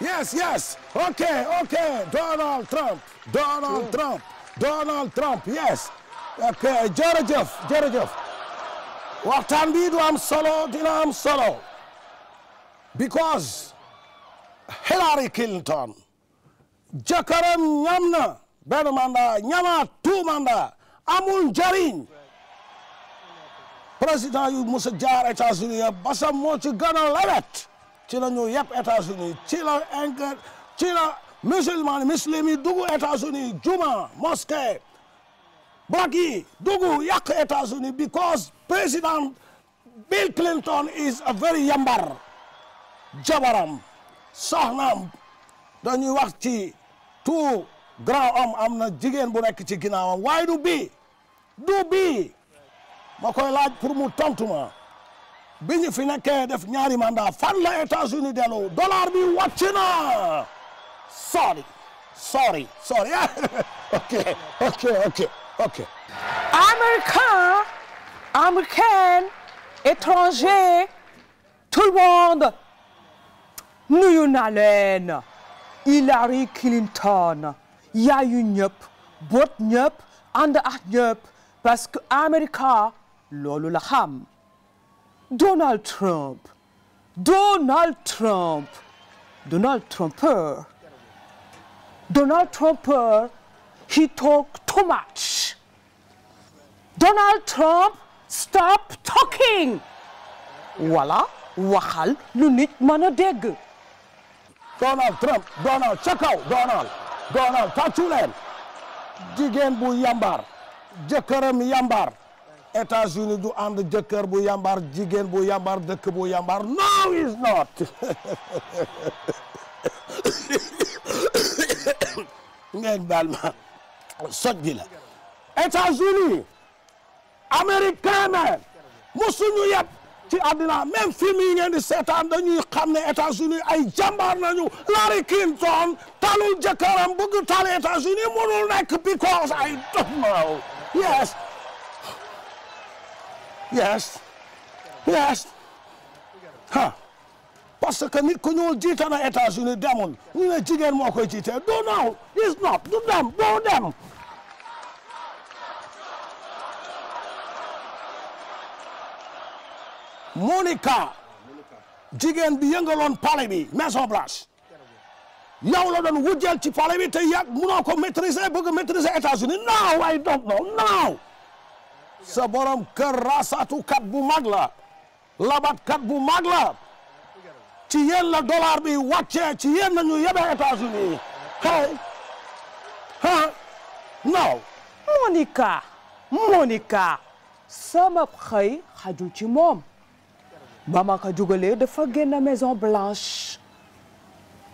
yes yes okay okay Donald Trump Donald Trump yes ok jërëjëf waxtaan bi du am solo dina am solo because Hillary Clinton jëkkëram ñam na benn mandat ñama tout mandat amul njariñ président yu musa jaar États-Unis basam moo a lewet ci la ñu yàpp États-Unis ci la inca ci la musulman muslim yi dugg États-Unis juma mosquée black yi dugg because président Bill Clinton is a very yambar jabaram soxnaam dañuy wax ci tout grand homme am na jigéen bu nekk ci ginnaawam waaye du bii du bii ma koy laaj pour mu tontu bi ñu def ñaari mandat fan la États-Unis dellu dollar bi wàcc na sorry sorry sorry ok ok ok ok américain américain étranger tout le monde nuyu naa leen Hillary Clinton yaayu ñëpp boot ñëpp ànd ak ñëpp parce que Amérique loolu la xam Donald Trump, Donald Trump, he talked too much. Donald Trump, stop talking. Wala waxal lu nit Donald Trump, Donald ca kaw Donald, Donald jigéen bu yambar jëkkëram yambar. États-Unis du ànd jëkkër bu yàmbaar jigéen bu yàmbaar dëkk bu yàmbaar no is not ngeen baal ma soj la États-Unis américain na musuñu yëpp ci àddina même film yi ngeen di seetaan dañuy ne États-Unis ay jàmbaar nañu Larry Clinton talul jëkkëram bëgg tal États-Unis mënul nekk because I don't know yes yes parce que nit ku ñuul jiite na États-Unis ne jigéen moo koy jiite du Monica jigéen bi yëngaloon palais bi Maison Blanche la doon wujjal ci palais bi te yàgg munoo ko maîtriser bëgg maîtriser États-Unis naaw I don't know sa borom kër rasatu kat bu mag la labat kat bu mag la ci yéen la dollar bi wàccee ci yéen la ñu yebee États-Unis hey ah non. Monica Monica sama xëy xaju ci moom ba ma ko jugalee dafa génn Maison Blanche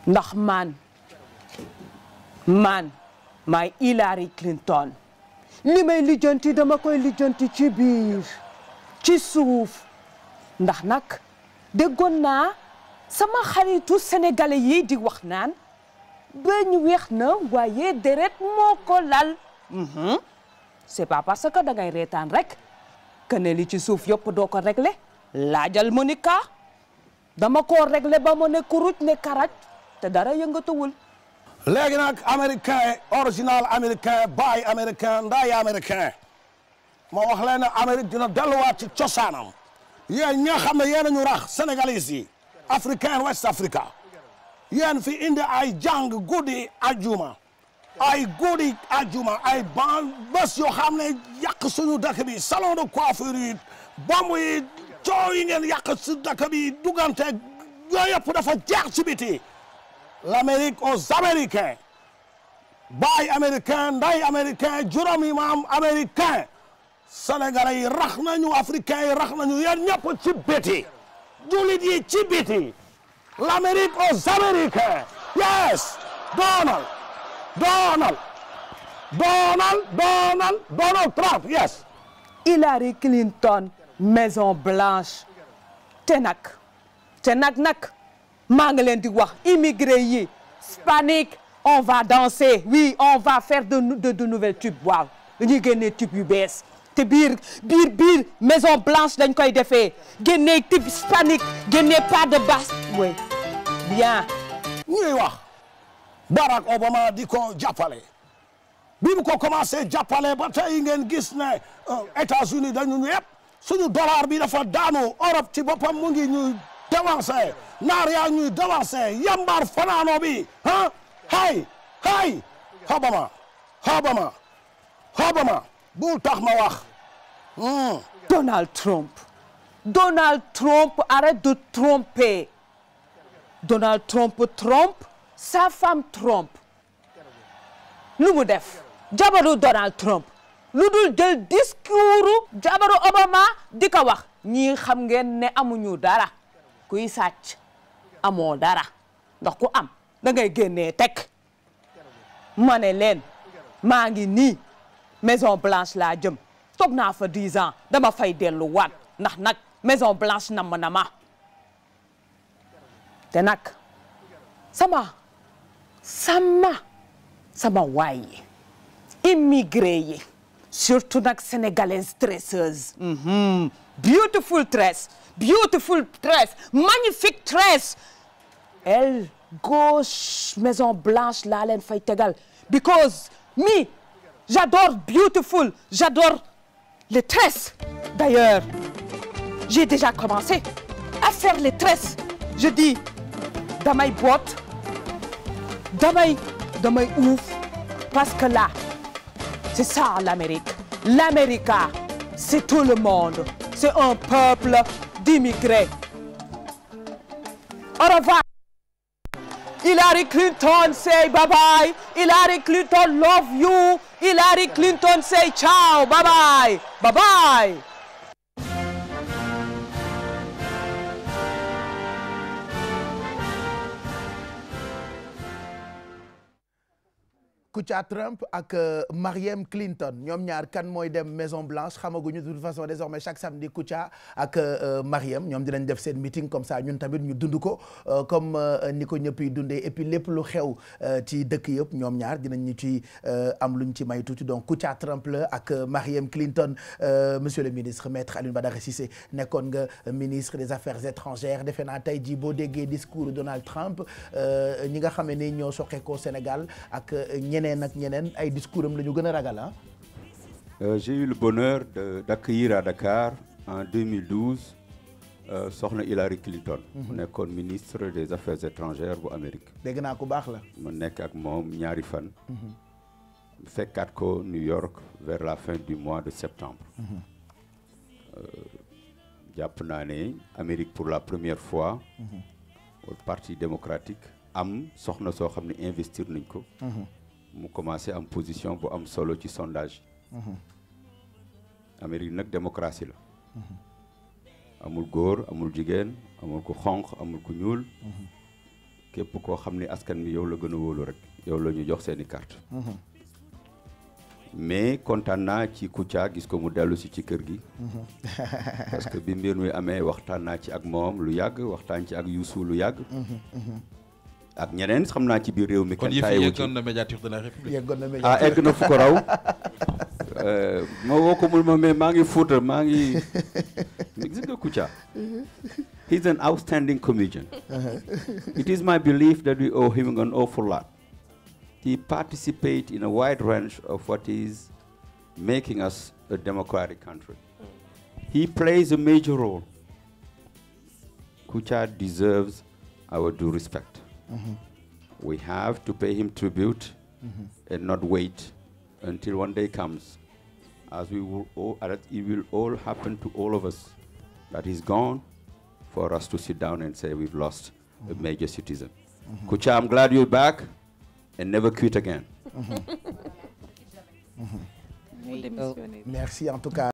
ndax man man maay Hillary Clinton. li may lijjanti dama koy lijjanti ci biir ci suuf ndax nag déggoon naa sama xaritu sénégalais yi di wax naan bañ weex na waaye deret moo ko lal mhm. c'est pas parce que da reetaan rek que li ci suuf yëpp doo ko régler laajal Monica dama koo régler ba mu ne kuruj ne karaj te dara yëngatawul léegi nag américain original américain baay américain ndaay américain ma wax leen ne Amérique dina delluwaat ci cosaanam yéen ñi nga xam ne yéen ñu rax sénégalais africain west africa yéen fi indi ay jàng guddi ajuma ay guddi ajuma ay ban bés yoo xam ne yàq suñu dëkk bi salon de coiffure yi bomb yi coow yi ngeen bi duggante yooyu yëpp dafa jeex ci biti l'Amérique aux Américains baay américain nday américain juróomi maam américain sénégalais yi africains yi rax nañu yéen ñëpp ci biti jullit yi l'Amérique aux Américains yes Donald Donald Donald Trump yes Hillary Clinton Maison Blanche te nag te maa ngi leen di wax immigré yi hispanique on va danser oui on va faire de de, de nouvelles tubes waaw dañuy génnee tubes yu bees te biir biir biir maison blanche dañ koy defee génnee tube hispanique génnee pas de basse oui bien ñuy wax Barack Obama di ko jàppale bi mu ko commencé jàppale ba tey ngeen gis ne euh, États-Unis dañu ñu yëpp suñu dollar bi dafa daanu Europe ci boppa mu ngi dewanse naar yaa ñuy dewanse yambar fanaano ha hay hay habama habama habama bul tax ma wax hmm. Donald Trump Donald Trump arrête de tromper Donald Trump trompe sa femme trompe lu mu def jabaru Donald Trump lu dul jël discours jabaru Obama di ko wax ñii xam ngeen ne amuñu dara kuy sàcc amoo dara ndax ku am da ngay génnee teg ma ne leen maa ngi nii Maison Blanche laa jëm toog naa fa 10 ans dama fay delluwaat ndax nag Maison Blanche namm na ma te nag sama sama sama waay yi immigré yi surtout nag sénégalaise tresseuse. Mm -hmm. beautiful tresse beautiful tresse magnifique tresse. elle gauche maison blanche laa leen fay tegal because me j'adore beautiful j'adore les tresses. d'ailleurs j'ai déjà commencé à faire les tresses je dis damay boot damay damay ouf parce que là. C'est ça l'Amérique. L'Amérique, c'est tout le monde. C'est un peuple d'immigrés. Au Clinton say bye-bye. Clinton love you. Hillary Clinton say ciao, bye-bye. Kouthia Trump ak euh, Mariam Clinton ñoom ñaar kan mooy dem Maison Blanche xamaguñu de toute façon désormais chaque samedi Kouthia ak euh, Mariam ñoom dinañ def seen meeting comme sa ñun tamit ñu dund ko euh, comme ni ko ñëpp yi dundee et puis lépp lu xew ci dëkk yëpp ñoom ñaar dinañ ñu ci am ñu ci may tuuti donc Kouthia Trump la ak Mariam Clinton monsieur le ministre maître Alioune Badara Cissé nekkoon nga ministre des affaires étrangères defe naa tey jii boo déggee discours Donald ñi nga xam ne ñoo soqeekoo Sénégal ak ñeneen ak ñeneen ay discours am la ñu gën a ragal ah. Euh, j'ai eu le bonheur de d'accueillir à Dakar en 2012 euh, Soxna Hillary Clinton. Mhm. mu nekkoon ministre des affaires étrangères bu Amérique. dégg naa ku baax la. mu nekk ak moom ñaari fan. Mhm. fekkaat ko New York vers la fin du mois de septembre. Mhm. Euh, jàpp naa ne Amérique pour la première fois. au parti démocratique am soxna soo xam ne investir nañ ko. mu commencé am position bu am solo ci sondage mhm. Amérique nag démocratie la mhm. amul góor amul jigéen amul ku xonq amul ku ñuul mhm. képp koo xam ni askan bi yow la gën a wóolu rek yow la ñu jox seeni carte mais kontaan naa ci Kouthia gis ko mu dellusi ci kër gi parce que bi mbir mi amee waxtaan naa ci ak moom lu yàgg waxtaan ci ak Youssou lu yàgg ak ñeneen xam naa ci biir réew mi. kon yëf yi yeggoon na médiateur de la ah, euh, maa ngi Fouta maa ngi gis nga Kouthia. Mhm. He's an outstanding comedian. Uh-huh. It is my belief that we owe him an awful lot. He participates in a wide range of what is making us a democratic country. He plays a major role. Kouthia deserves our due respect. We have to pay him tribute and not wait until one day comes, as we will all, it will all happen to all of us, that he's gone for us to sit down and say we've lost a major citizen. Kucha, I'm glad you're back and never quit again. Mm-hmm. Merci en tout cas.